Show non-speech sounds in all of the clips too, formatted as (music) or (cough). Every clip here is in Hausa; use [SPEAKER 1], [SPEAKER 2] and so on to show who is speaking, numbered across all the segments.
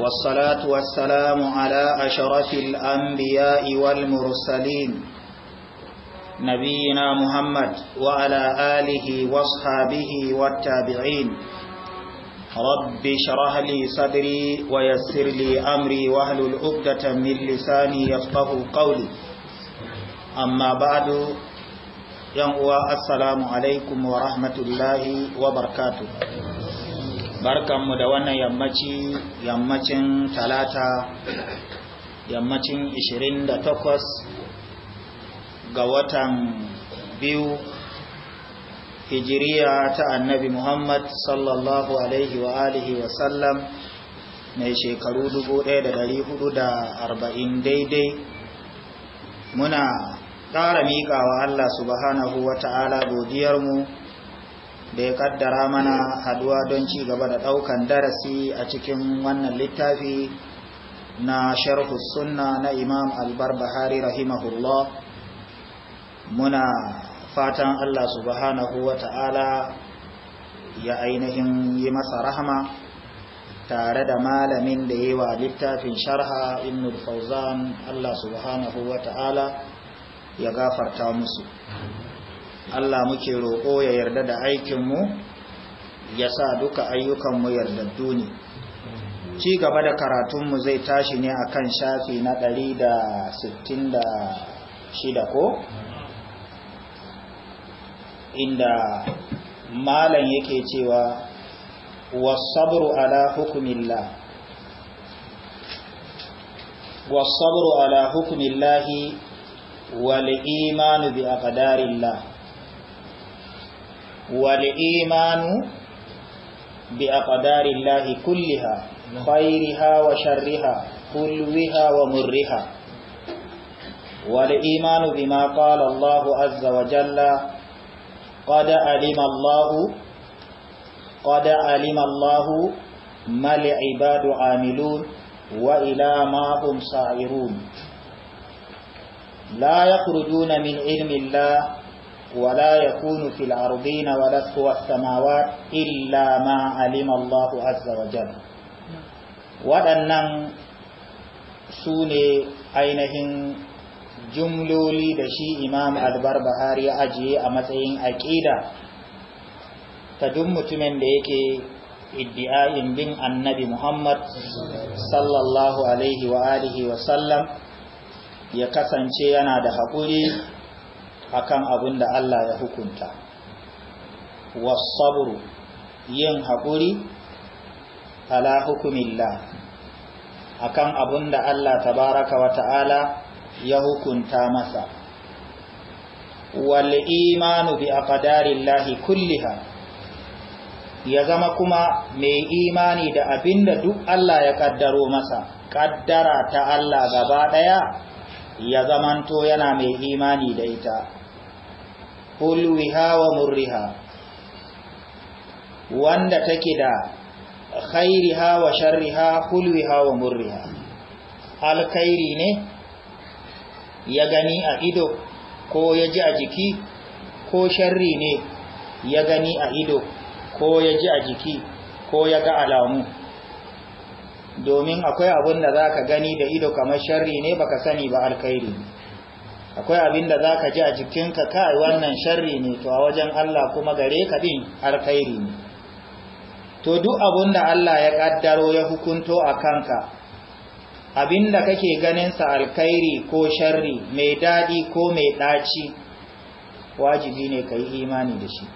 [SPEAKER 1] والصلاة والسلام على أشرف الأنبياء والمرسلين نبينا محمد وعلى آله واصحابه والتابعين رب شرح لي صدري ويسر لي أمري وهل الأبدة من لساني يفقه قولي أما بعد ينقوى السلام عليكم ورحمة الله وبركاته barkan mu da wannan yammaci yammacin talata yammacin 28 ga watan biyu hijiriya ta annabi muhammad sallallahu alaihi wa alihi wa sallam mai shekaru 1440 daidai muna ƙara miƙawa allah subhanahu wa ta'ala godiyarmu da ya kaddara mana haduwa don ci gaba da daukan darasi a cikin wannan littafi na sharhu sunna na imam albarbahari rahimahullah muna fatan allah subhanahu wa ta'ala ya ainihin yi masa rahama tare da malamin da yi wa littafin sharha innul fauzan allah subhanahu wa ta'ala ya gafarta musu Allah muke roƙo ya yarda da aikinmu ya sa duka ayyukanmu yardaddu ne ci gaba da karatunmu zai tashi ne a kan shafi na 166 ko inda malam yake cewa wasabru ala hukumillah wasabru ala hukumillahi wal imanu bi aqdarillah والإيمان بأقدار الله كلها خيرها وشرها كلها ومرها والإيمان بما قال الله عز وجل قد علم الله قد علم الله ما العباد عاملون وإلى ما هم صائرون لا يخرجون من علم الله ولا يكون في الأرضين ولا سوى السماوات إلا ما علم الله عز وجل waɗannan su ne ainihin jumloli da shi imam albar bahari ya ajiye a matsayin aƙida ta duk mutumin da yake iddi'ayin bin annabi muhammad sallallahu alaihi wa alihi ya kasance yana da haƙuri akan abin da Allah ya hukunta wasabru yin haƙuri ala hukumillah akan abin da Allah tabaraka wa ta'ala ya hukunta masa wal imanu bi aqdarillahi kulliha ya zama kuma mai imani da abinda duk Allah ya kaddaro masa kaddara ta Allah gaba daya ya zamanto yana mai imani da ita hulwiha wa murriha wanda take da khairiha wa sharriha hulwiha wa murriha alkhairi ne ya gani a ido ko ya ji a jiki ko sharri ne ya gani a ido ko ya ji a jiki ko ya ga alamu domin akwai abin da za ka gani da ido kamar sharri ne baka sani ba alkhairi ne akwai abin da za ka ji a jikinka kai wannan sharri ne to a wajen Allah kuma gare ka din alkhairi ne to duk abin da Allah ya kaddaro ya hukunto a kanka abinda da kake sa alkhairi ko sharri mai dadi ko mai ɗaci wajibi ne ka yi imani da shi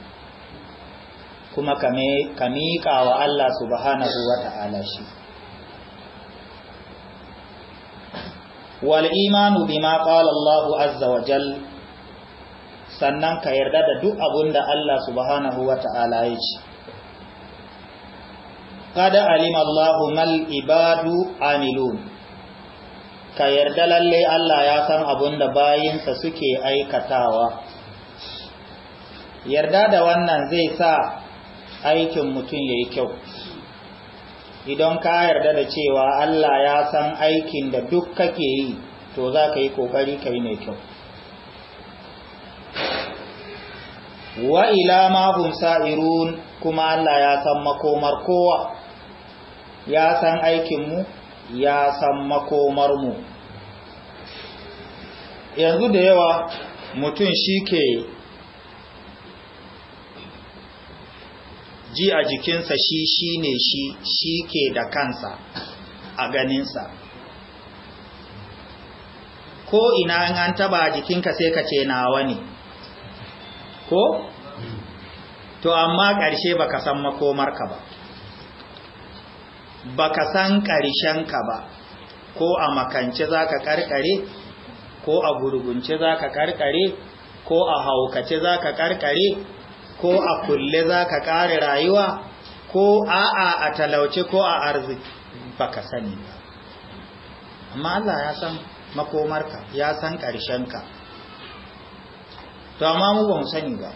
[SPEAKER 1] kuma ka miƙa wa Allah subhanahu wa ta'ala shi wal imanu bima qala Allahu azza jal sannan ka yarda da duk abunda Allah subhanahu wa ta'ala ya ce kada Alimallahu Allahu mal ibadu amilun ka yarda lalle Allah ya san abunda bayinsa suke aikatawa yarda da wannan zai sa aikin mutum yayi kyau idan ka yarda da cewa Allah ya san aikin da duk kake yi to za ka yi kokari ka yi mai kyau wa ila ma hum sa'irun kuma Allah ya san makomar kowa ya san aikin mu ya san makomar mu yanzu da yawa mutum shi ke ji a jikinsa shi shi ne shi shi ke da kansa a ganinsa ko ina in an taba jikinka sai ka ce nawa ne ko to amma ƙarshe ka san makomarka ba Ba ka san ƙarshenka ba ko a makance za ka karkare ko a gurgunce ka karkare ko a haukace za ka karkare ko a kulle za ka ƙare rayuwa ko a'a a talauce ko a arziki ba ka sani ba amma Allah ya san makomarka ya san ƙarshenka to amma mu ba mu sani ba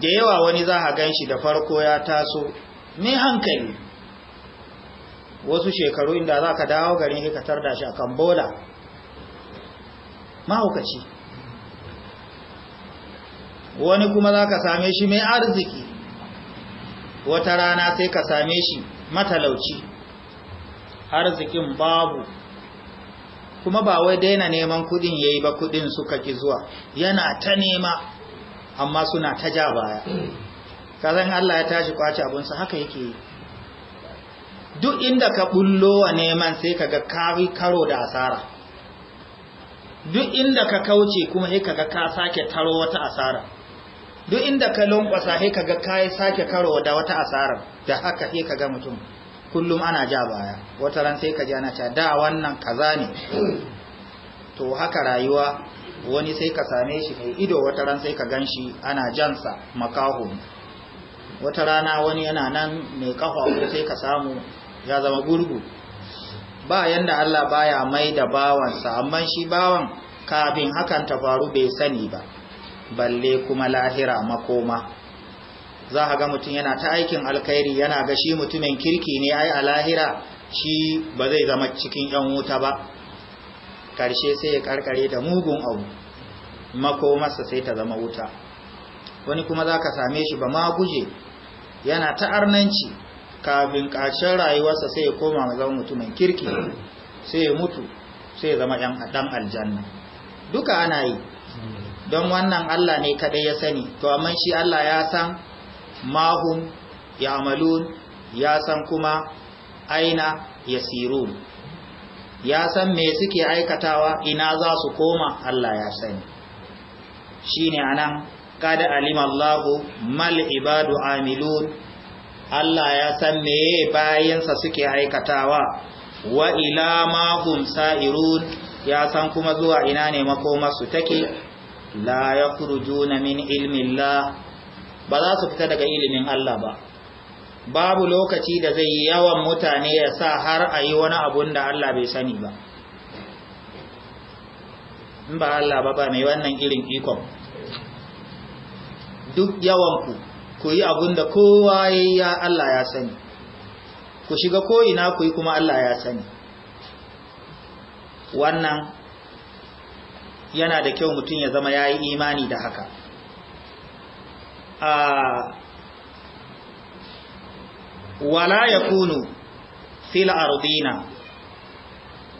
[SPEAKER 1] da yawa wani za a gan shi da farko ya taso mai hankali wasu shekaru inda za ka dawo garin hikatar da shi a kan mahaukaci wani kuma za ka same shi mai arziki wata rana sai ka same shi matalauci arzikin babu kuma ba wai daina neman kudin yayi ba kudin suka ki zuwa yana ta nema amma suna ta ja baya kazan Allah ya tashi kwace abunsa haka yake yi duk inda ka bullo wa neman sai kaga kawi, karo da asara duk inda ka kauce kuma sai kaga ka sake taro wata asara duk inda ka lunkwasa sai kaga kai sake karo da wata asarar da haka sai kaga mutum kullum ana ja baya wata ran sai kaji ana ta da wannan kaza ne to haka rayuwa wani sai ka same shi kai ido wata ran sai ka ganshi ana jansa makaho wata rana wani yana nan mai kafa ko sai ka samu ya zama gurgu ba yanda Allah baya mai da bawansa amma shi bawan kafin hakan ta faru bai sani ba balle kuma lahira makoma za ka ga mutum yana ta aikin alkhairi yana ga shi mutumin kirki ne ai a lahira shi ba zai zama cikin yan wuta ba karshe sai ya karkare da mugun abu makomarsa sai ta zama wuta wani kuma za ka same shi ba ma guje yana ta arnanci kafin ƙarshen rayuwarsa sai ya koma mai mutumin kirki sai ya mutu sai ya zama ɗan aljanna duka ana yi don wannan Allah ne kadai ya sani to amma shi Allah ya san mahum ya amalun ya san kuma aina ya sirun ya san me suke aikatawa ina za su koma Allah ya sani shi ne a nan kada alimallahu mal ibadu amilun Allah ya san me bayansa suke aikatawa wa ila mahum sa'irun ya san kuma zuwa ina ne makomarsu take la juna min ilmin la, ba za su fita daga ilimin Allah ba babu lokaci da zai yawan mutane ya sa har a yi wani abun da Allah bai sani ba in ba Allah ba ba mai wannan irin ikon duk yawanku ku yi abun da kowa ya Allah ya sani ku shiga ko'ina ku yi kuma Allah ya sani wannan yana da kyau mutum ya zama ya yi imani da haka ah, wala ya kunu fil ardina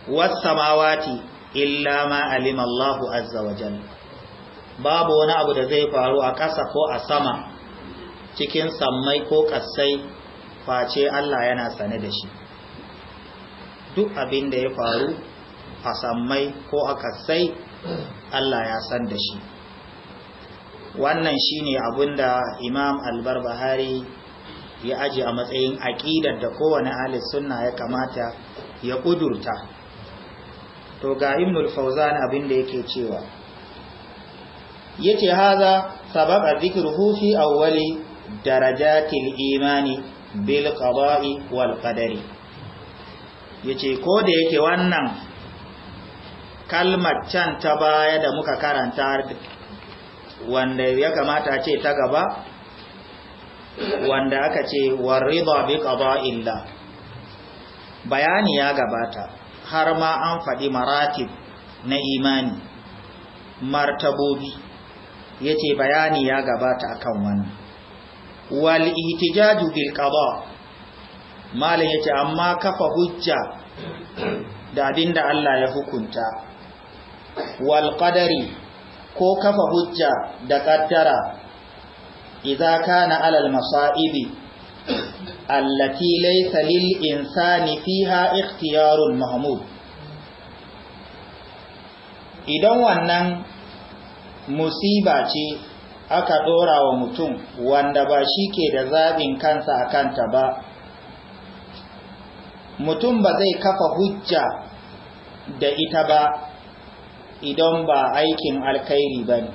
[SPEAKER 1] wasamawati illa ma alimallahu Allahu azza wa jalla babu wani abu da zai faru a ƙasa ko a sama cikin sammai ko ƙasai face Allah yana sane da shi duk abin da ya faru a sammai ko a ƙasai Allah ya san da shi wannan shine da Imam albarbahari ya ajiye a matsayin aƙidar da kowane ahli suna ya kamata ya kudurta to ga Ibn al-Fawzan abinda yake cewa yace haza sabab dhikruhu hufi awwali darajatil imani bil qada'i wal qadari yace ko da yake wannan kalmar can ta baya da muka karanta wanda ya kamata ce ta gaba wanda aka ce warida bi illa. bayani ya gabata har ma an faɗi maratib na imani martabobi yace bayani ya gabata akan wani. wal ihtijaju bil qada malam yace amma kafa hujja da abinda Allah ya hukunta wal qadari ko kafa hujja da kaddara idza kana alal masa'ibi allati laysa lil insani fiha ikhtiyarun mahmud idan wannan musiba ce aka dora wa mutum wanda ba shi ke da zaɓin kansa a kanta ba mutum ba zai kafa hujja da ita ba idan ba aikin alkhairi ba ne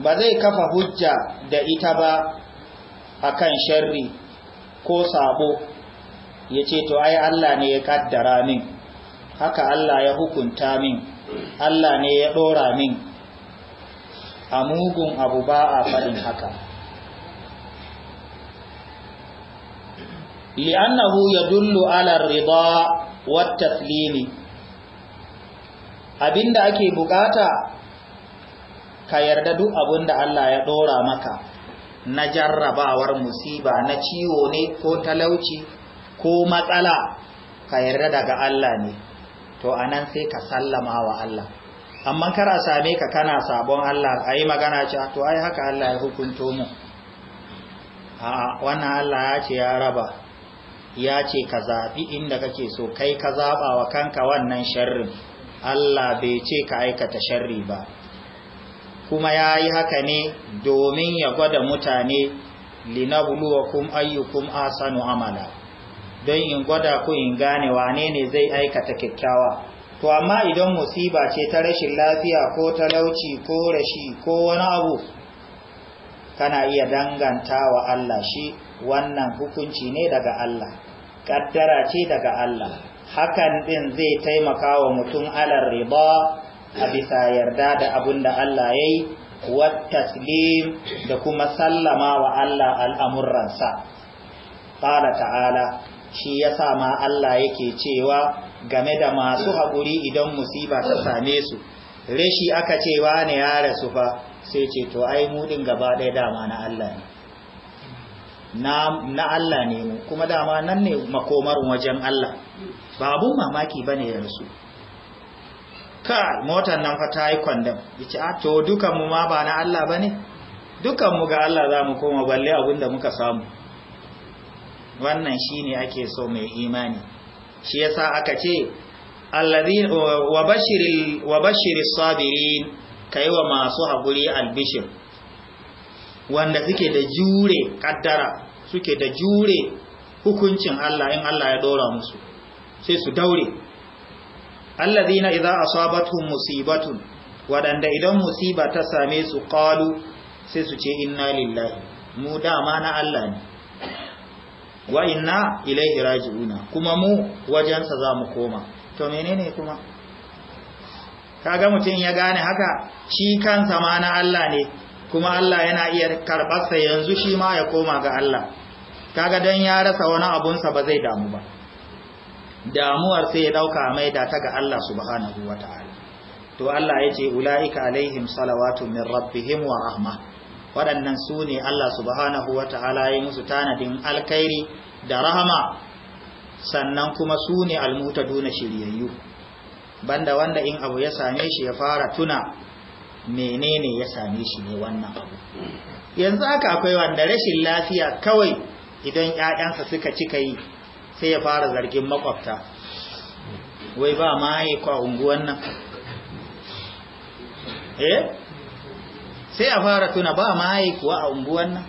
[SPEAKER 1] ba zai kafa hujja da ita ba a kan sharri ko sabo ya ce to ai Allah ne ya kaddara min haka Allah ya hukunta min Allah ne ya dora min a mugun abu ba a faɗin haka li'annahu yadullu ala rida wa taslimi abinda ake bukata ka yarda duk abinda Allah ya dora maka na jarrabawar musiba na ciwo ne ko talauci ko matsala ka yarda daga Allah ne to anan sai ka sallama wa Allah amma kar a same ka kana sabon Allah ayi magana ce to ai haka Allah ya hukunto mu a wannan Allah ya ce ya raba ya ce ka zabi inda kake so kai ka zaba wa kanka wannan sharrin Allah bai ce ka aikata sharri ba kuma ya yi haka ne domin ya gwada mutane kum ayyukum asanu amala don in gwada ku in gane wane ne zai aikata kyakkyawa to amma idan musiba ce ta rashin lafiya ko talauci ko rashi ko wani abu kana iya danganta wa Allah shi wannan hukunci ne daga Allah kaddara ce daga Allah hakan din zai taimaka wa mutum alar riba a bisa yarda da abin da Allah ya yi taslim da kuma sallama wa Allah al'amuransa ƙala ta'ala shi ya ma Allah yake cewa game da masu haƙuri idan musiba ta same su rashi aka cewa ne ya rasu fa sai ce to ai mudin gaba ɗaya dama na Allah ne na Allah ne mu kuma dama nan ne makomar wajen Allah ba abun mamaki ba ne yanzu ka motar nan fa ta yi kwandam ya ce a ah, to dukanmu ma ba na Allah ba ne dukanmu ga Allah za mu koma balle abin da muka samu wannan shi ne ake so mai imani shi ya sa aka ce wa bashirin sabirin ka yi wa masu haƙuri albishir wanda suke da jure kaddara, suke da jure hukuncin Allah in Allah ya ɗora musu sai su daure allazina idza asabatuhum musibatun waɗanda idan musiba ta same su qalu sai su ce inna lillahi mu dama na Allah ne wa inna ilaihi raji'una kuma mu wajensa za mu koma to menene kuma kaga mutum ya gane haka shi kansa ma na Allah ne kuma Allah yana iya karɓarsa yanzu shi ma ya koma ga Allah kaga don ya rasa wani abunsa ba zai damu ba damuwar sai ya dauka mai da ta ga Allah subhanahu ta'ala to Allah ya ce ulaika alaihim salawatu min rabbihim wa rahma waɗannan su ne Allah subhanahu ta'ala ya musu tanadin alkhairi da rahama sannan kuma su ne almutaduna shiryayyu banda wanda in abu ya same shi ya fara tuna menene ya same shi ne wannan abu yanzu haka akwai wanda rashin lafiya kawai idan ƴaƴansa suka cika yi sai ya fara zargin makwabta wai ba ma yi kwa unguwan nan eh sai a fara tuna ba ma yi kuwa a unguwan nan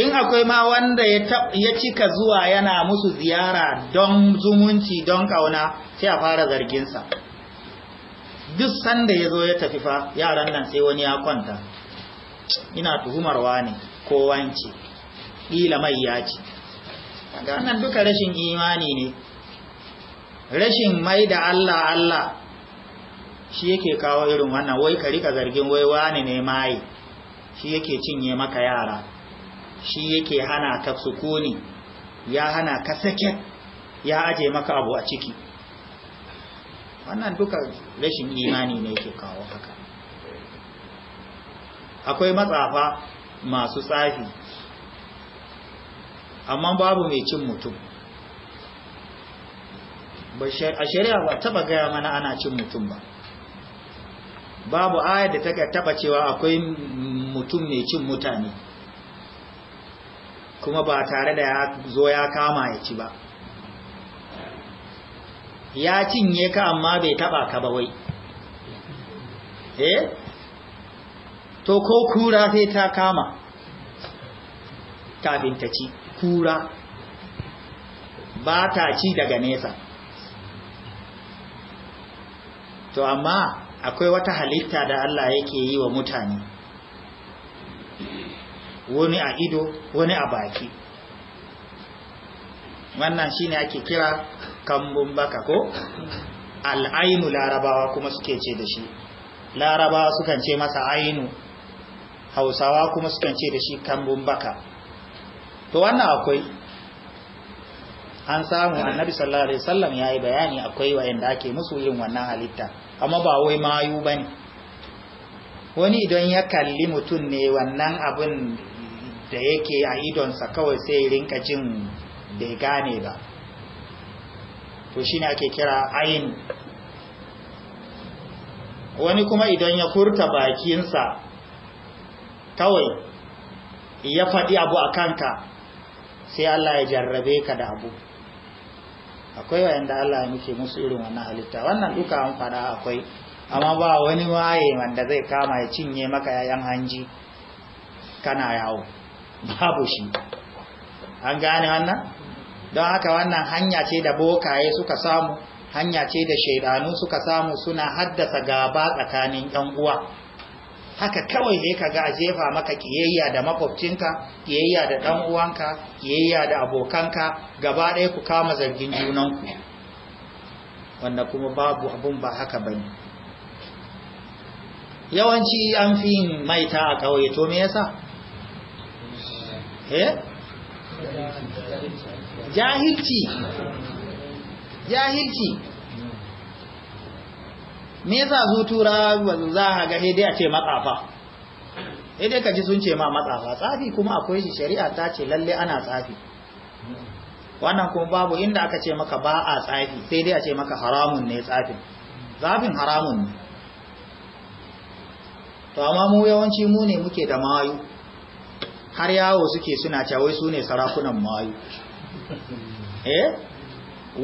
[SPEAKER 1] in akwai ma wanda ya cika zuwa yana musu ziyara don zumunci don kauna sai a fara zarginsa duk sanda ya zo ya tafi fa yaran nan sai wani ya kwanta ina tuhumarwa ne ko kila mai ya ci kaga wannan duka rashin imani ne rashin mai da Allah Allah shi yake kawo irin wannan wai ka rika zargin wai wani ne mai shi yake cinye maka yara shi yake hana ka sukuni ya hana ka sake ya aje maka abu a ciki wannan duka rashin imani ne yake kawo haka akwai matsafa masu tsafi amma babu mai cin mutum a shari'a ba taba gaya mana ana cin mutum ba babu ayar da ta taba cewa akwai mutum mai cin mutane kuma ba tare da ya zo ya kama ya ci ba ya cinye ka amma bai taba ka ba wai eh to ko kura sai ta kama kafin ta ci kura ba ta ci daga nesa to amma akwai wata halitta da Allah yake yi wa mutane wani a ido wani a baki wannan shine ake kira kambun baka ko al'ainu larabawa kuma suke ce da shi larabawa sukan ce masa ainu hausawa kuma sukan ce da shi kambun baka to wannan akwai an samu annabi sallallahu alaihi wasallam yayi bayani akwai wayanda ake musu yin wannan halitta amma ba wai mayu bane wani idan ya kalli mutum ne wannan abin da yake a idonsa kawai sai rinka jin bai gane ba to shine ake kira ayin wani kuma idan ya furta bakinsa kawai ya faɗi abu a kanka sai Allah ya jarrabe ka da abu akwai wayanda Allah ya muke musu irin wannan halitta wannan duka an fada akwai amma ba wani waye wanda zai kama ya cinye maka yayan hanji kana yawo babu shi an gane wannan don haka wannan hanya ce da bokaye suka samu hanya ce da shaidanu suka samu suna haddasa gaba tsakanin yan uwa haka kawai ne ka ga a jefa maka kiyayya da makwabcinka kiyayya da dan uwanka kiyayya da abokanka gaba ɗaya ku kama zargin junanku wanda kuma babu abun ba haka bane yawanci an fi yin maita a kawai to me yasa eh jahilci jahilci me yasa su tura za a ga dai a ce matsafa dai ka ji sun ce ma matsafa tsafi kuma akwai shi shari'a ta ce lalle ana tsafi wannan kuma babu inda aka ce maka ba a tsafi sai dai a ce maka haramun ne tsafin zafin haramun ne to amma mu yawanci mu ne muke da mayu har yawo suke suna cawai su ne sarakunan mayu eh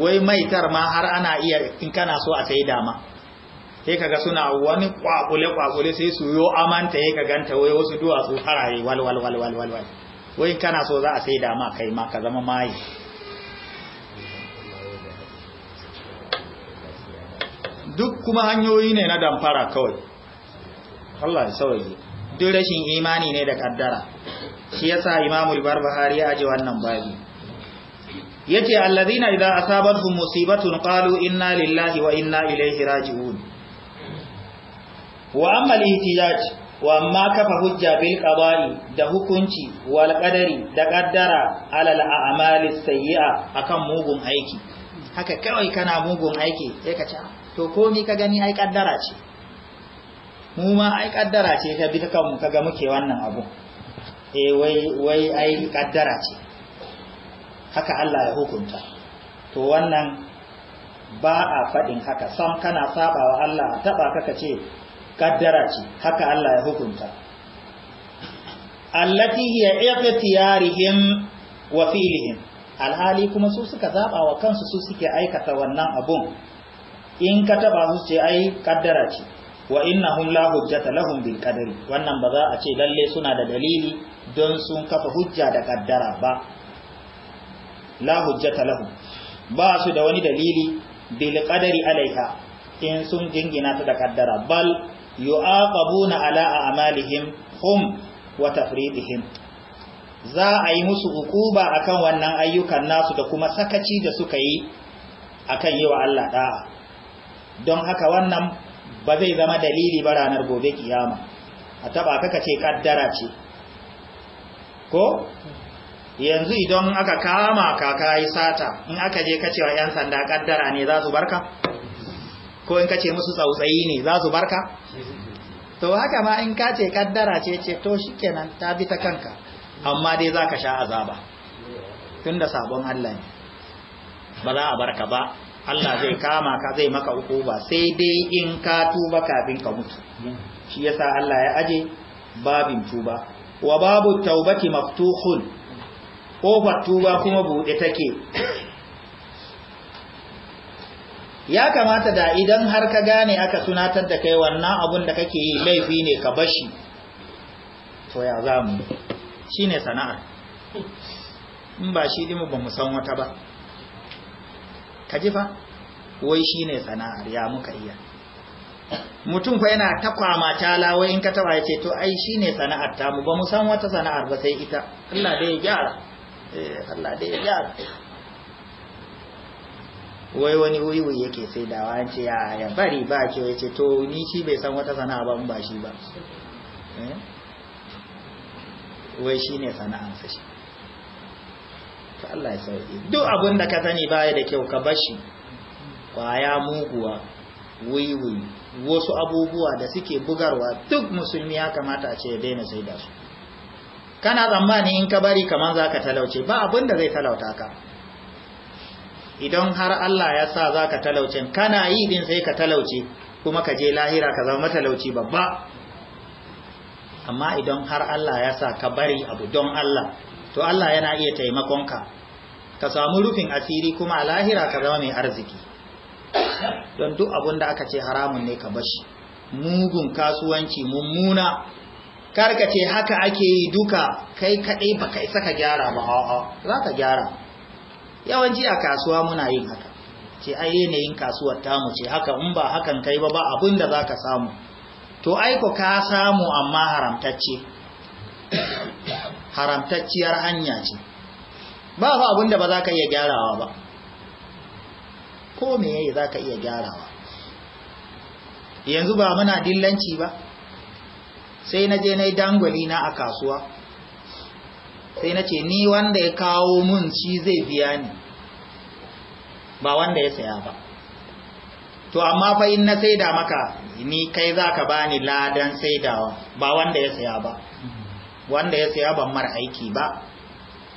[SPEAKER 1] wai maitar ma har ana iya in kana so a sai dama sai kaga suna wani kwakule kwakule sai su yo amanta yake ganta ganta wai wasu duwatsu faraye wal wal wal wal wal wai kana so za a sai da ma kai ma ka zama mai duk kuma hanyoyi ne na damfara kawai Allah ya sauye duk rashin imani ne da kaddara shi yasa Imam al-Barbahari ya ji wannan babi yace alladhina idza asabatuhum musibatun qalu inna lillahi wa inna ilaihi raji'un wa amma al wa amma kafa hujja bil qada'i da hukunci wal qadari da qaddara ala al-a'mali sayyi'a akan mugun aiki haka kawai kana mugun aiki sai ka ce ah, to ni ka gani ai qaddara ce mu ma ai qaddara ce ta bi kanmu kaga muke wannan abu eh wai wai ai qaddara ce haka Allah ya hukunta to wannan ba a faɗin haka sam kana sabawa Allah taba kaka ce kaddara ce haka Allah ya hukunta allati hiya iqtiyarihim wa fi'lihim alhali kuma su suka zaba wa kansu su suke aikata wannan abun in ka taba su ce ai kaddara ce wa innahum la hujjata lahum bil qadari wannan ba za a ce lalle suna da dalili don sun kafa hujja da kaddara ba la hujjata lahum ba su da wani dalili bil qadari alaiha in sun jingina ta da kaddara bal yu'aqabuna ala a'malihim hum wa tafridihim za a yi musu hukuba akan wannan ayyukan nasu da kuma sakaci da suka yi akan yi wa Allah da'a don haka wannan ba zai zama dalili ba ranar gobe kiyama a taba kaka ce kaddara ce ko yanzu idan aka kama kaka yi sata in aka je kacewa 'yan sanda kaddara ne za su barka ko in ka ce musu tsautsayi ne za su barka to haka ma in kace kaddara ce ce to shikenan ta bi ta kanka amma dai za ka sha azaba tunda sabon Allah ne ba za a barka ba Allah zai kama ka zai maka hukuma sai dai in ka tuba kafin ka mutu shi yasa Allah ya aje babin tuba wa babu taubati maftuhun kofar tuba kuma buɗe take ya kamata da idan har ka gane aka sunatar da kai wannan abun da kake yi laifi ne ka bashi to ya za mu shi ne sana'ar in ba shi dimu ba mu san wata ba ka ji fa wai shi ne sana'ar ya muka iya mutum fa yana ta kwama tala wai in ka taba ya ce to ai shi ne sana'ar mu ba mu san wata sana'ar ba sai ita Allah dai ya gyara eh Allah dai ya gyara wai wani wiwi yake sai da wance ya ya bari ba ke ya ce to ni shi bai san wata sana'a ba ba shi ba eh? wai shi ne sana'ansa shi ta Allah ya sauki duk abin da ka sani baya da kyau ka bashi kwaya muguwa wiwi wasu abubuwa da suke bugarwa duk musulmi ya kamata a ce ya daina sai da su kana tsammani in ka bari kaman za ka talauce ba abin da zai talauta ka idan har Allah ya sa za ka talauce kana yi din sai ka talauce kuma ka je lahira ka zama matalauci babba amma idan har Allah ya sa ka bari abu don Allah to Allah yana iya taimakonka ka samu rufin asiri kuma a lahira ka zama mai arziki don duk abun da aka ce haramun ne ka bashi mugun kasuwanci mummuna ka ce haka ake yi duka kai kaɗai ba kai saka gyara ba a'a za ka gyara yawanci a kasuwa muna yin haka ce ai yanayin kasuwar tamu ce haka in ba hakan kai ba ba abin da za ka samu to aiko ka samu amma haramtacce haramtacciyar hanya ce ba fa abin da ba za ka iya gyarawa ba ko me yayi za ka iya gyarawa yanzu ba muna dillanci ba sai na je na yi dangwali na a kasuwa sai na ce ni wanda ya kawo mun shi zai biya ni ba wanda ya saya ba to amma fa in na saida maka ni kai za ka bani ladan saidawa ba wanda ya saya ba wanda ya saya ban mara aiki ba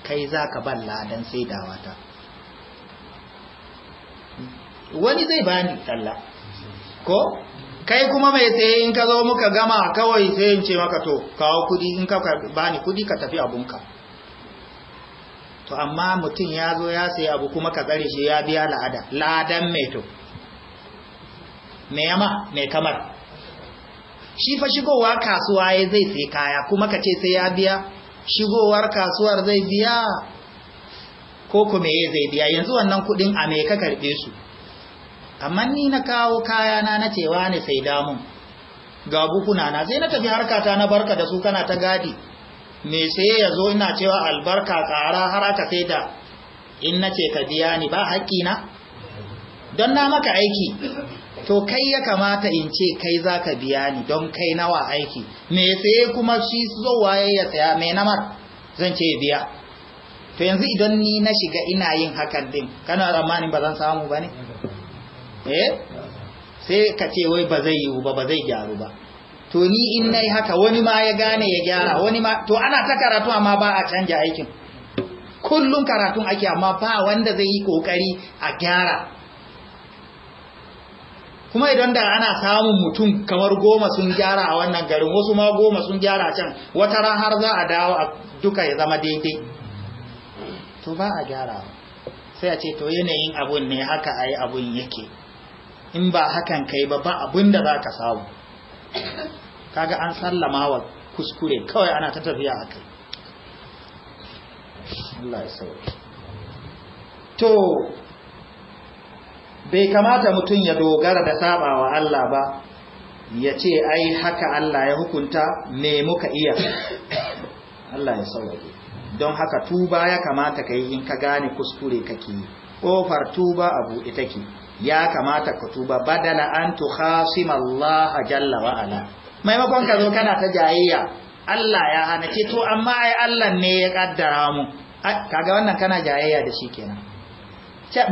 [SPEAKER 1] kai za ka ban ladan saidawa ta wani zai bani talla ko kai kuma mai sai in ka zo muka gama kawai sai in ce maka to kawo kudi in ka bani kudi ka tafi abunka to amma mutum ya zo ya sai abu kuma ka tsare shi ya biya la'ada ladan mai to mai yama mai kamar shi fa shigowa kasuwa ya zai sai kaya kuma ka ce sai ya biya shigowar kasuwar zai biya ko kuma ya zai biya yanzu wannan kudin a mai ka karbe su amma ni na kawo kaya na na cewa ne sai damun ga bukuna na sai na tafi harkata na barka da su kana ta gadi me sai ya zo ina cewa albarka ƙara har aka sai da in na ce ka biya ni ba haƙƙina don na maka aiki to kai ya kamata in ce kai za ka biya ni don kai nawa aiki me sai kuma shi waye ya saya mai namar zan ce biya to yanzu idan ni na shiga ina yin hakan din kana ramani ba zan samu ba ne eh sai ka ce wai ba zai yiwu ba ba zai gyaru ba to ni in nayi haka wani ma ya gane ya gyara wani ma to ana ta karatu amma ba a canja aikin kullun karatun ake amma ba wanda zai yi kokari a gyara kuma idan da ana samun mutum kamar goma sun gyara a wannan garin wasu ma goma sun gyara can wata ran har za a dawo a duka ya zama daidai to ba a gyara sai a ce to yanayin abun ne haka ai abun yake in ba hakan kai ba ba abun da za ka samu kaga an sallama wa kuskure kawai ana ta tafiya a kai Allah ya sauke to bai kamata mutum ya dogara da sabawa Allah ba ya ce ai haka Allah ya hukunta me muka iya Allah ya sauke don haka tuba ya kamata ka in ka gane kuskure kake kofar tuba a buɗe take ya kamata ka tuba badala an tukhasima Allah jalla wa ala maimakon ka zo kana ta jayayya Allah ya hana ce to amma ai Allah ne ya kaddara mu kaga wannan kana jayayya da shi kenan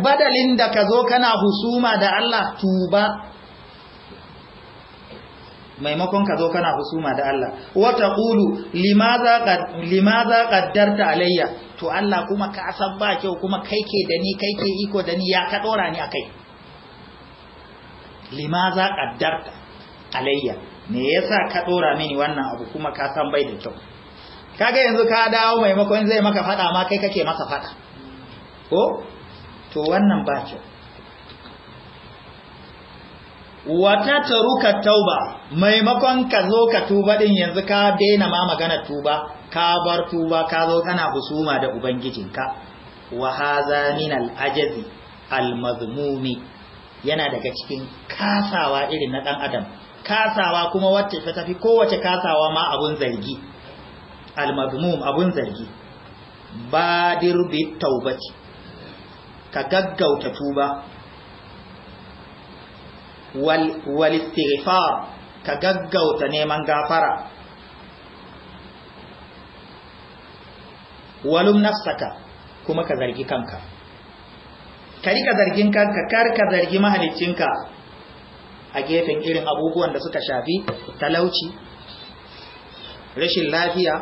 [SPEAKER 1] badalin da ka zo kana husuma da Allah tuba maimakon ka zo kana husuma da Allah wa taqulu limaza qad limaza qaddarta alayya to Allah kuma ka san ba kyau kuma kai ke da ni kai ke iko da ni ya ka dora ni akai limaza qaddarta alayya me yasa ka dora mini wannan abu kuma ka san bai da kyau kaga yanzu ka dawo maimakon zai maka fada ma kai kake masa fada ko to wannan ba kyau wata taruka tauba maimakon ka zo ka tuba din yanzu ka daina ma magana tuba ka bar tuba ka zo kana husuma da ubangijinka wa haza min al-ajazi al-mazmumi yana daga cikin kasawa irin na dan adam kasawa kuma wacce ta tafi kowace kasawa ma abun zargi almadmum abun zargi badir bi taubati ka gaggauta tuba wal wal istighfar ka gaggauta neman gafara walum nafsaka kuma ka zargi kanka ka zargin kanka kar ka zargi mahaliccinka a gefen irin abubuwan da suka shafi talauci rashin lafiya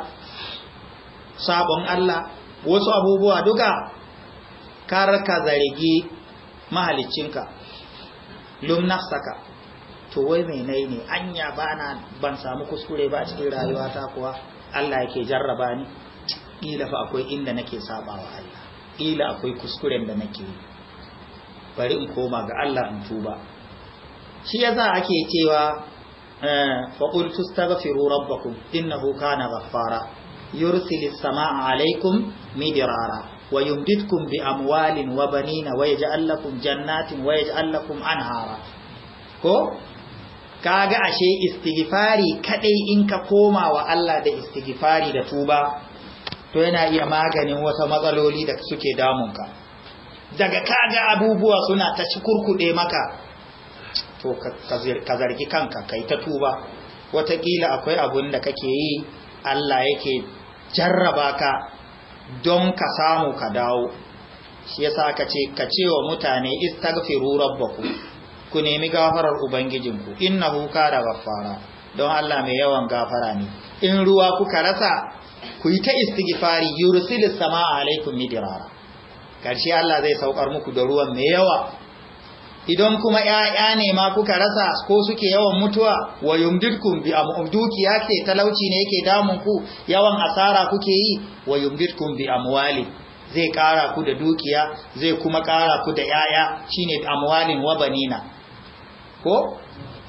[SPEAKER 1] sabon Allah wasu abubuwa duka karka zargi mahalicinka lumnasaka to wai menai ne anya bana ban samu kuskure ba a cikin rayuwata kuwa Allah yake jarraba ni kila fa akwai inda nake sabawa Allah kila akwai kuskuren da nake bari in koma ga Allah in tuba shi yasa ake cewa eh, faqul tastaghfiru rabbakum innahu kana ghaffara yursilis samaa alaikum midrara wa yumditkum bi amwalin wa banina wa yaj'al lakum jannatin wa yaj'al lakum anhara ko kaga ashe istighfari kadai in ka koma wa Allah da istighfari da tuba to yana iya maganin wasu matsaloli da suke damunka daga kaga abubuwa suna ta kurkude maka to ka zargi kanka kai ta tuba watakila akwai abun da kake yi Allah yake jarraba ka don ka samu ka dawo shi yasa ka ce ka ce wa mutane istaghfiru rabbakum ku nemi gafarar ubangijinku innahu kana ghaffara don Allah mai yawan gafara ne in ruwa kuka rasa ku yi ta istighfari yursilis samaa alaikum midrara karshe Allah zai saukar muku da ruwan mai yawa idan kuma ‘ya'ya ne ma kuka rasa ko suke yawan mutuwa wa yumdirkun bi dukiya ke talauci ne yake damun ku yawan asara kuke yi wa yumdirkun bi amwali zai ƙara ku da dukiya zai kuma ƙara ku da ‘ya'ya ne amwalin wa nina? ko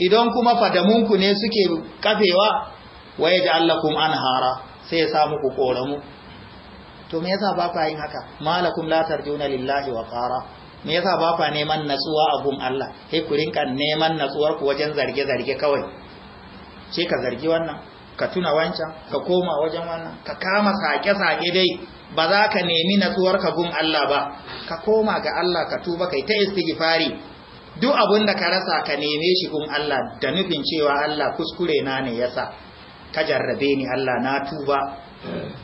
[SPEAKER 1] idan kuma fadamunku ne suke kafewa wa ya ja'allakum hara sai ya samu ku koramu to me yasa ba yin haka malakum la tarjuna lillahi wa qara me yasa ba fa neman natsuwa a gun Allah sai ku rinka neman natsuwar ku wajen zarge zarge kawai sai ka zargi wannan ka tuna wancan ka koma wajen wannan ka kama sake sake dai ba za ka nemi natsuwar ka gun Allah ba ka koma ga Allah ka tuba kai ta istighfari duk abin da ka rasa ka neme shi gun Allah da nufin cewa Allah kuskure na ne yasa ka jarrabe ni Allah na tuba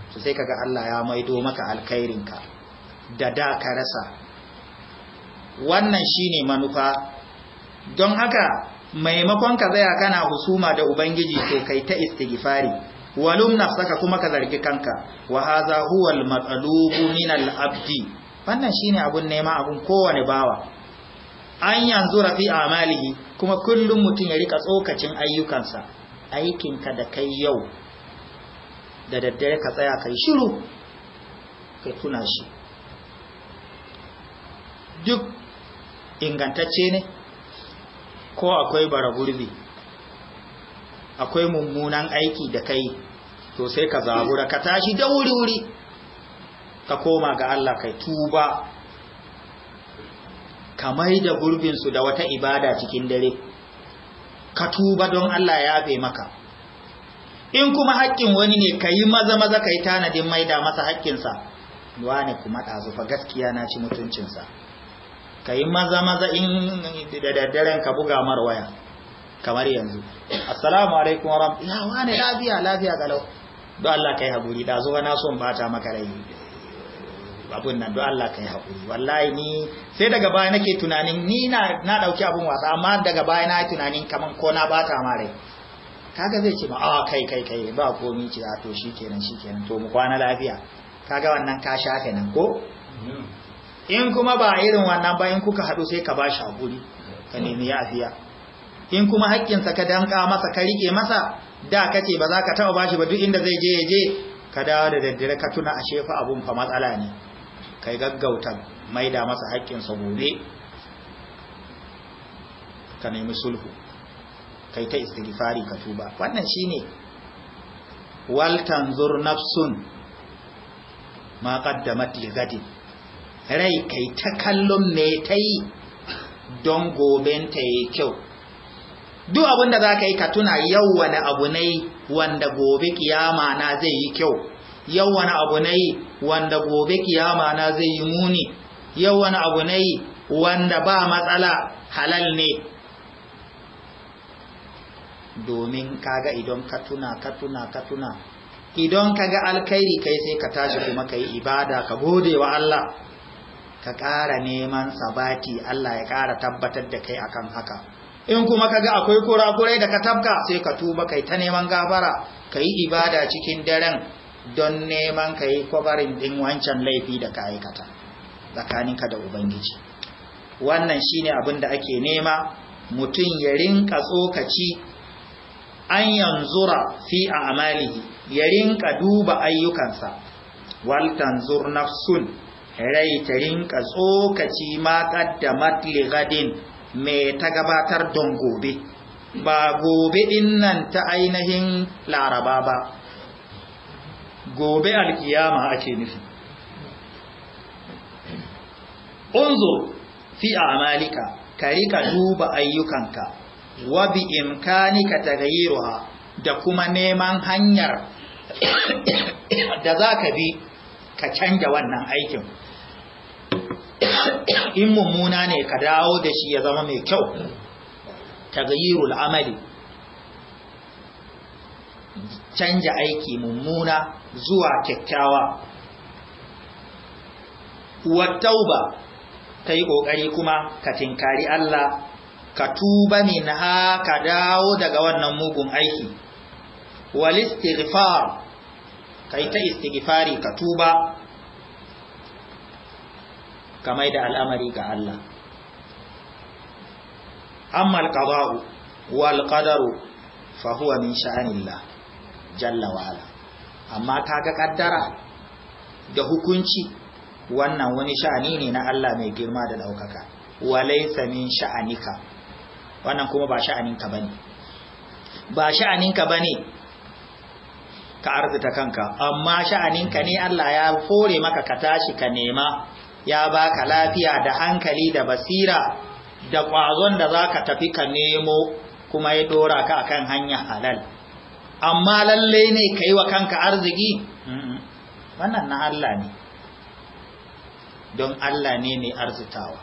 [SPEAKER 1] to sai kaga Allah ya maido maka alkhairinka da da ka rasa wannan shine manufa don haka maimakon ka tsaya kana husuma da ubangiji to kai ta istighfari walum nafsaka kuma ka zargi kanka wa hadha huwa al-matlubu min al-abdi wannan shine abun nema abun kowane bawa an yanzu rafi amalihi kuma kullum mutum ya rika tsokacin ayyukansa aikinka da kai yau da daddare ka tsaya kai shiru Ka tuna shi duk ingantacce ne ko akwai bara gurbi akwai mummunan aiki da kai to sai ka zabura ka tashi da wuri-wuri ka koma ga Allah kai tuba ka mai gurbin su da wata ibada cikin dare ka tuba don Allah ya maka in kuma haƙƙin wani ne ka yi maza-maza ka yi tanadin maida masa haƙƙinsa wane kuma ɗazu fa gaskiya na ci mutuncinsa ka yi maza maza in da daddaren ka buga mar waya kamar yanzu assalamu alaikum wa rahmatullahi ya wane lafiya lafiya galau don Allah kai haƙuri da zuwa na son bata maka rai abun nan don Allah kai haƙuri wallahi ni sai daga baya nake tunanin ni na na dauki abun wasa amma daga baya na tunanin kaman ko na bata ma rai kaga zai ce ma a ah, kai kai kai ba komi ce a to shikenan shikenan to mu kwana lafiya kaga wannan ka shafe nan ko hmm. in kuma ba irin wannan bayan kuka haɗu sai ka ba shi haƙuri ka nemi yafiya in kuma haƙƙinsa ka danka masa ka riƙe masa da ka ce ba za ka taɓa ba shi ba duk inda zai je ya je ka dawo da daddare ka tuna a shefa abun fa matsala ne kai gaggauta maida masa haƙƙinsa gobe ka nemi sulhu kai ta istighfari ka tuba wannan shine wal tanzur nafsun ma qaddamat li rai kai ta kallon me ta yi don goben ya yi kyau duk abin da za ka yi ka tuna yau wani abu ne wanda gobe kiyama na zai yi kyau yau wani abu ne wanda gobe kiyama na zai yi muni yau wani abu ne wanda ba matsala halal ne domin kaga idan ka tuna ka tuna ka tuna idan kaga alkhairi kai sai ka tashi kuma kai ibada ka gode wa Allah ka ƙara neman sabati Allah ya ƙara tabbatar da kai akan haka in kuma ka ga akwai kurakurai da ka tabka sai ka tuba kai ta neman gafara yi ibada cikin daren don neman ka yi kwabarin ɗin wancan laifi da ka aikata tsakaninka da ubangiji wannan shine abin da ake nema mutum ya rinka tsokaci an yanzura fi a amalihi ya rinka duba ayyukansa waltanzur nafsun rai ta rinka tsokaci ma da li gadin me ta gabatar don gobe ba gobe din nan ta ainihin laraba ba gobe alkiyama ake nufi unzur fi a'malika ka rika duba ayyukanka wa bi imkanika tagayyuruha da kuma neman hanyar (coughs) da zaka bi ka canja wannan aikin in mummuna ne ka dawo da shi ya zama mai kyau taghyirul amali canja aiki mummuna zuwa kyakkyawa wa tauba yi ƙoƙari kuma ka tinkari Allah ka tuba min ha ka dawo daga wannan mugun aiki wal istighfar kai ta istighfari ka tuba kamar da al'amari ga Allah amma alqada'u wa qadaru fa huwa min sha'anillah jalla wa Amma amma ga ƙaddara da hukunci wannan wani sha'ani ne na Allah mai girma da ɗaukaka, wa laysa min sha'anika wannan kuma ba sha'aninka ne. ba sha'aninka ne ka arzuta kanka amma sha'aninka ne Allah ya fore maka ka tashi ka nema ya baka lafiya da hankali da basira da ƙwazon da za ka tafi ka nemo kuma ya dora ka akan hanya halal amma lalle ne ka yi wa kanka arziki wannan na Allah ne don Allah ne mai arzitawa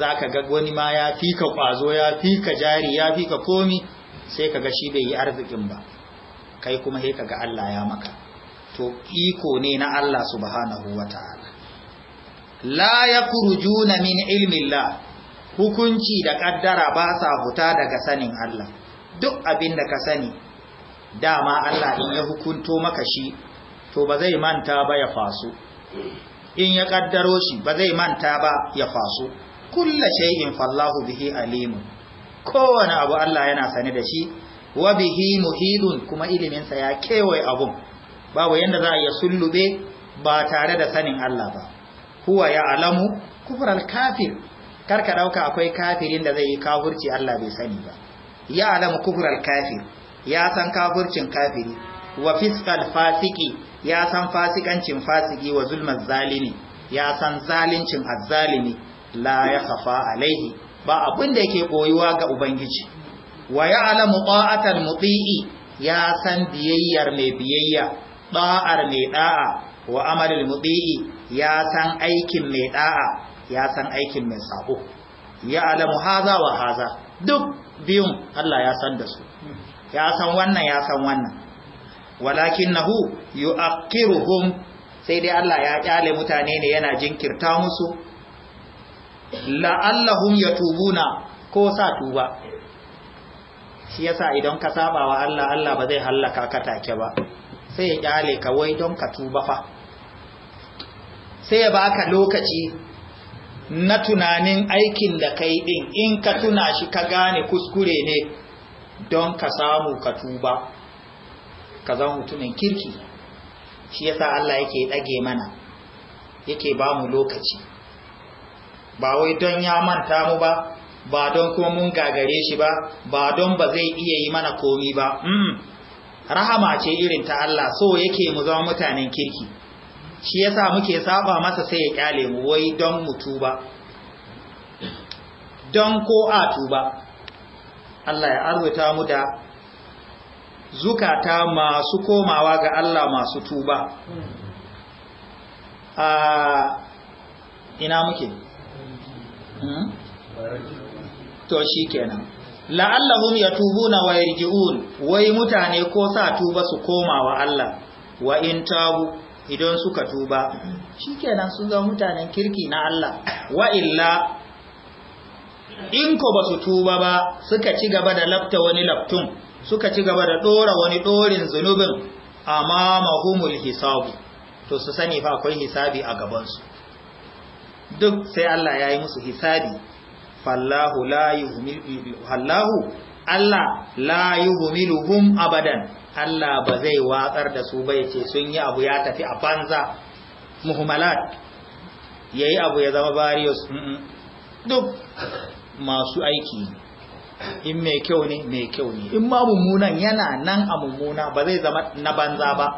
[SPEAKER 1] za ka ga wani ma ya fi ka ƙwazo ya fi ka jari ya fi ka komi sai ka ga shi bai yi arzikin ba kai kuma sai ka ga Allah ya maka to iko ne na Allah subhanahu wa ta'ala la yakhrujuna min ilmillah hukunci da kaddara ba sa huta daga sanin Allah duk abin da ka sani dama Allah in ya hukunto maka shi to ba zai manta ba ya faso in ya kaddaro shi ba zai manta ba ya faso kulla shay'in fallahu bihi alimun kowane abu Allah yana sane da shi wa bihi muhidun kuma iliminsa ya kewaye abun babu yanda za a iya sullube ba tare da sanin Allah ba huwa ya alamu kufral kafir karka dauka akwai kafirin da zai yi kafirci Allah bai sani ba ya alamu kafir ya san kafircin kafiri wa fiskal fasiki ya san fasikancin fasiki wa zulmar zalimi ya san zalincin azzalimi la ya khafa alaihi ba abin da yake koyuwa ga ubangiji wa ya alamu ta'atal muti'i ya san biyayyar mai biyayya da'ar mai ɗa'a wa amalin muti'i ya san aikin mai da'a ya san aikin mai sabo ya alamu haza wa haza duk biyun Allah ya san da su ya san wannan ya san wannan walakinahu yu'akkiruhum sai dai Allah ya kyale mutane ne yana jinkirta musu ya yatubuna ko sa tuba shi yasa idan ka saba wa Allah Allah ba zai hallaka ka take ba sai ya kyale ka wai don ka tuba fa sai ya baka lokaci na tunanin aikin da kai din in ka tuna shi ka gane kuskure ne don ka samu ka tuba ka zama mutumin kirki shi yasa Allah yake dage mana yake ba mu lokaci ba wai don ya manta mu ba ba don kuma mun gagare shi ba ba don ba zai iya yi mana komi ba mm. rahama ce irin ta Allah so yake mu zama mutanen kirki shi ya sa muke saba masa sai ya kyale mu wai don mu tuba don ko a tuba Allah ya arwata mu da zukata masu komawa ga Allah masu tuba a ina muke hmm? to shi kenan la'allahum yatubuna wa yarji'un wai mutane ko sa tuba su komawa Allah wa in tabu idan suka tuba shikenan sun zama mutanen kirki na Allah wa illa in ko ba su tuba ba suka ci gaba da lafta wani laftun suka ci gaba da dora wani dorin zunubin mahumul hisabu to su sani fa akwai hisabi a gabansu duk sai Allah ya yi musu hisabi fallahu la yuhmil fallahu Allah la yuhmiluhum abadan Allah ba zai watsar da su bai ce sun yi abu ya tafi a banza muhmalat yayi abu ya zama bariyos duk masu aiki in mai kyau ne mai kyau ne in ma mummunan yana nan a mummuna ba zai zama na banza ba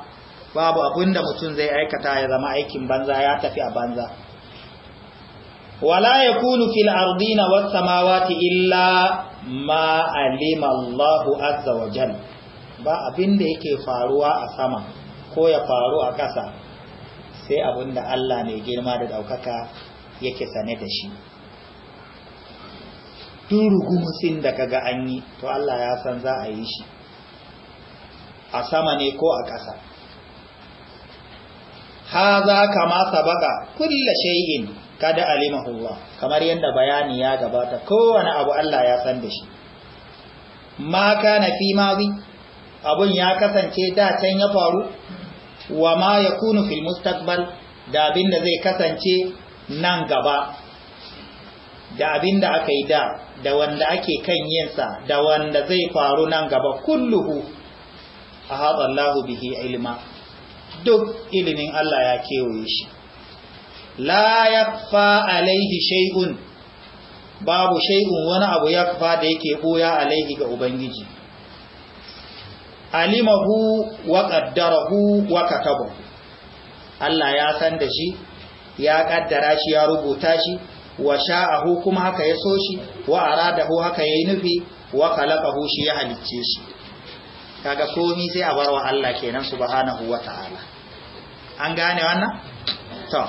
[SPEAKER 1] babu abinda mutum zai aikata ya zama aikin banza ya tafi a banza wala yakunu fil ardina was samawati illa ma alima Allahu azza wa jal ba abin da yake faruwa a sama ko ya faru a ƙasa sai abin da Allah mai girma da ɗaukaka yake sane da shi durugumusin da kaga an yi to Allah ya san za a yi shi a sama ne ko a ƙasa haza kama sabaka kulla shay'in kada alimahu Allah kamar yanda bayani ya gabata kowane abu Allah ya san da shi ma kana fi mazi abun ya kasance da can ya faru wa ma yakunu fil mustaqbal da abinda zai kasance nan gaba da abinda da aka yi da da wanda ake kan yinsa da wanda zai faru nan gaba kulluhu a haɗa bihi ilma duk ilimin Allah ya kewaye shi la alaihi shay'un babu shay'un wani abu yakfa da yake boya alaihi ga ubangiji alimahu wa qaddarahu wa katabu. Allah ya san da shi ya kaddara shi ya rubuta shi wa sha'ahu kuma haka ya so shi wa aradahu haka yayi nufi wa khalaqahu shi ya halicce shi kaga komai sai a barwa Allah kenan subhanahu wa ta'ala an gane wannan to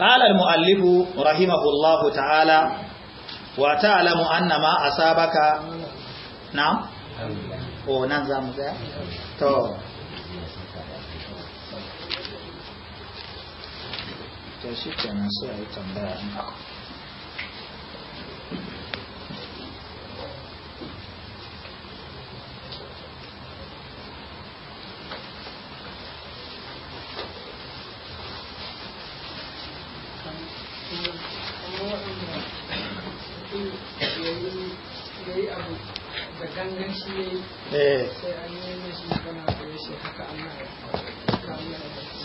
[SPEAKER 1] qala al-muallifu rahimahullahu ta'ala wa ta'lamu anna ma asabaka na o nan zamu to to shi kenan sai a yi tambaya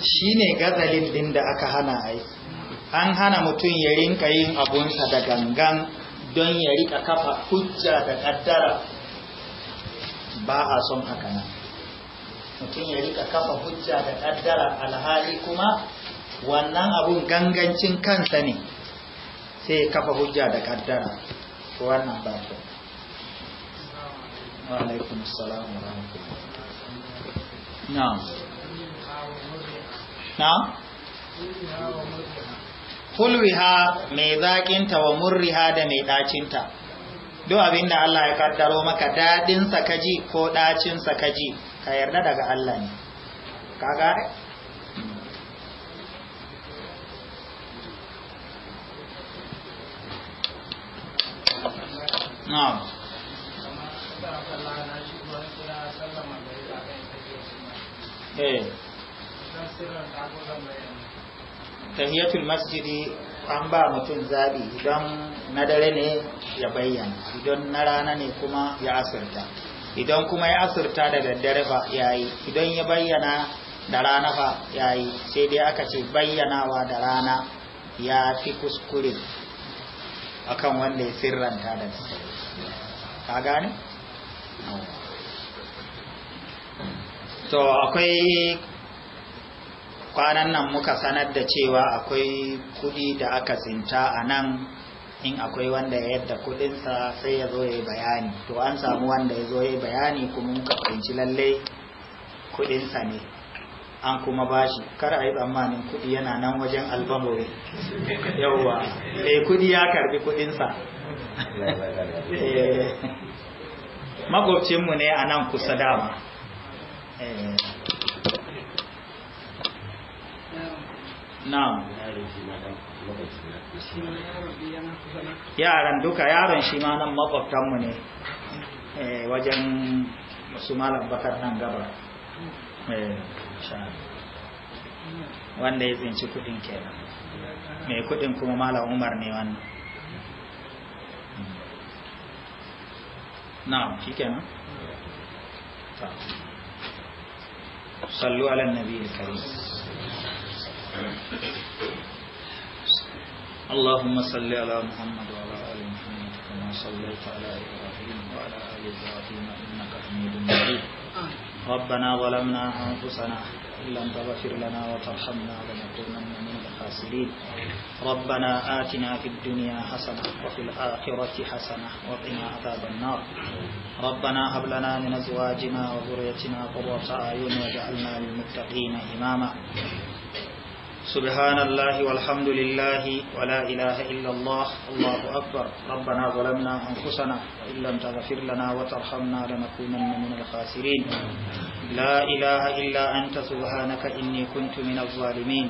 [SPEAKER 1] shi ne gazalin din da aka hana ai an hana mutum ya rinka yin abunsa da gangan don ya rika kafa hujja da kaddara ba a son haka nan mutum ya rika kafa hujja da kaddara alhali kuma wannan abun gangancin kansa ne sai kafa hujja da kaddara wannan ba wa alaikum assalam wa rahmatullah na'am na'am hulwiha mai zaƙinta wa murriha da mai ɗacinta duk abinda Allah ya kaddaro maka daɗinsa kaji ko ɗacinsa kaji ka yarda daga Allah ne kaga na'am Eh. tahiyatul masjidi an ba mutum zaɓi, idan na dare ne ya bayyana idan na rana ne kuma ya asirta idan kuma ya asirta da daddare fa yi, idan ya bayyana da rana fa yi, sai dai aka ce bayyanawa da rana ya fi kuskure akan wanda ya sirranta da daddare ka gane? to akwai kwanan nan muka sanar da cewa akwai kudi da aka zinta a nan in akwai wanda ya yadda kudinsa sai ya zo ya yi bayani to an samu wanda ya zo ya yi bayani kuma muka fahimci lallai kudinsa ne an kuma bashi kar a yi tsammanin kudi yana nan wajen albamore yauwa mai eh, kudi ya karbi kudinsa
[SPEAKER 2] (laughs)
[SPEAKER 1] mu ne a nan kusa dama eh.
[SPEAKER 2] yaran duka yaron shi
[SPEAKER 1] ma nan makwabtanmu ne eh, wajen su malam bakar nan gaba eh, wanda ya tsinci kudin kenan mai kudin kuma malam umar ne wannan hmm. نعم في كمان صلوا على النبي الكريم اللهم صل على محمد وعلى آل محمد كما صليت على إبراهيم وعلى آل إبراهيم إنك حميد مجيد ربنا ظلمنا أنفسنا إن لم تغفر لنا وترحمنا لنكونن من الحاسدين ربنا آتنا في الدنيا حسنة وفي الآخرة حسنة وقنا عذاب النار ربنا هب لنا من أزواجنا وذريتنا قرة أعين واجعلنا للمتقين إماما سبحان الله والحمد لله ولا إله إلا الله الله أكبر ربنا ظلمنا أنفسنا وإن لم تغفر لنا وترحمنا لنكونن من الخاسرين لا إله إلا أنت سبحانك إني كنت من الظالمين